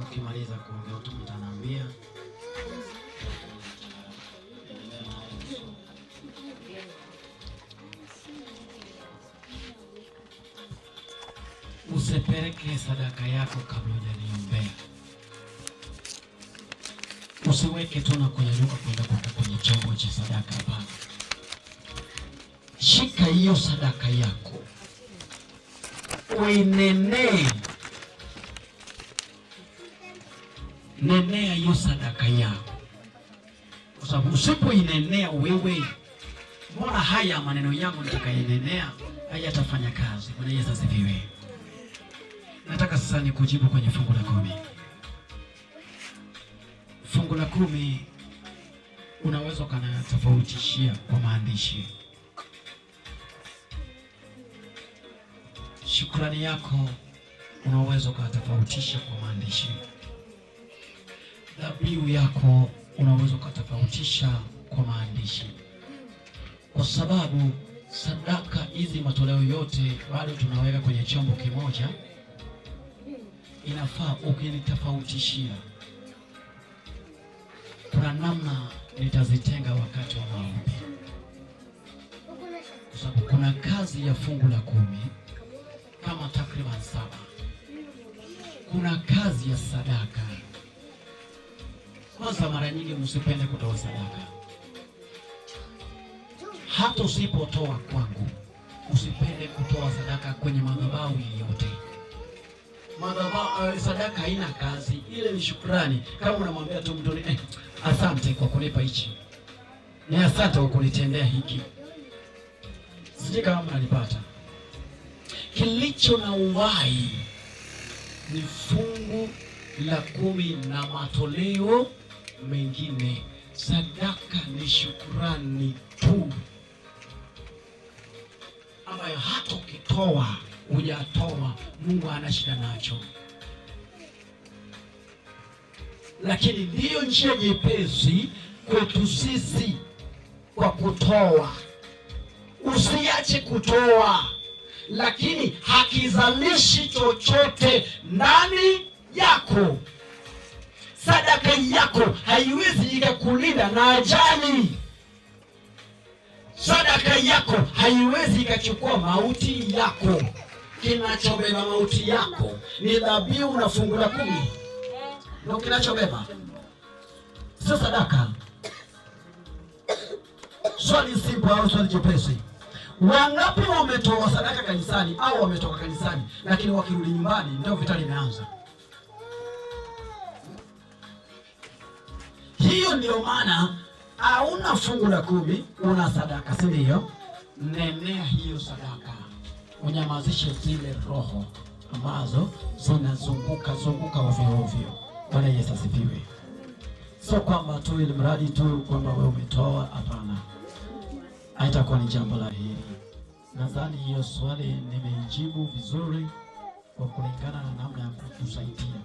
Ukimaliza kuongea utaniambia. Usipeleke sadaka yako kabla hujaniombea. Usiweke tu na kunyanyuka kwenda kwenye choo shika hiyo sadaka yako uinenee, nenea hiyo sadaka yako, kwa sababu usipoinenea wewe, mbona haya maneno yangu nitakayenenea hayatafanya kazi. Bwana Yesu asifiwe. Nataka sasa nikujibu kwenye fungu la kumi. Fungu la kumi unaweza ukanatofautishia kwa maandishi shukrani yako unaweza ukatofautisha kwa maandishi, dhabihu yako unaweza ukatofautisha kwa maandishi, kwa sababu sadaka hizi, matoleo yote bado tunaweka kwenye chombo kimoja. Inafaa ukinitofautishia, kuna namna nitazitenga wakati wa maombi, kwa sababu kuna kazi ya fungu la kumi takriban saba. Kuna kazi ya sadaka. Kwanza, mara nyingi msipende kutoa sadaka, hata usipotoa kwangu usipende kutoa sadaka kwenye madhabahu yeyote Madhabahu eh, sadaka haina kazi, ile ni shukrani. Kama unamwambia tu mtu eh, asante kwa kunipa hichi, ni asante kwa kunitendea hiki. Sijui kama mnanipata kilicho na uhai ni fungu la kumi na matoleo mengine. Sadaka ni shukrani tu ambayo hata ukitoa hujatoa, Mungu anashida shida nacho, lakini ndiyo njia nyepesi kwetu sisi kwa kutoa. Usiache kutoa lakini hakizalishi chochote ndani yako. Sadaka yako haiwezi ikakulinda na ajali. Sadaka yako haiwezi ikachukua mauti yako. Kinachobeba mauti yako ni dhabihu na fungu la kumi, ndio kinachobeba, sio sadaka. Swali simple au swali jepesi? Wangapi wametoa sadaka kanisani au wametoka kanisani, lakini wakirudi nyumbani ndio vita limeanza. Hiyo ndio maana hauna fungu la kumi, una sadaka, si ndio? Nenea hiyo sadaka, unyamazishe zile roho ambazo zinazunguka zunguka ovyo ovyo. Bwana Yesu asifiwe. So kwamba tu ili mradi tu kwamba wewe umetoa, hapana, haitakuwa ni jambo la heri. Nadhani hiyo swali nimeijibu vizuri kwa kulingana na namna ya kutusaidia.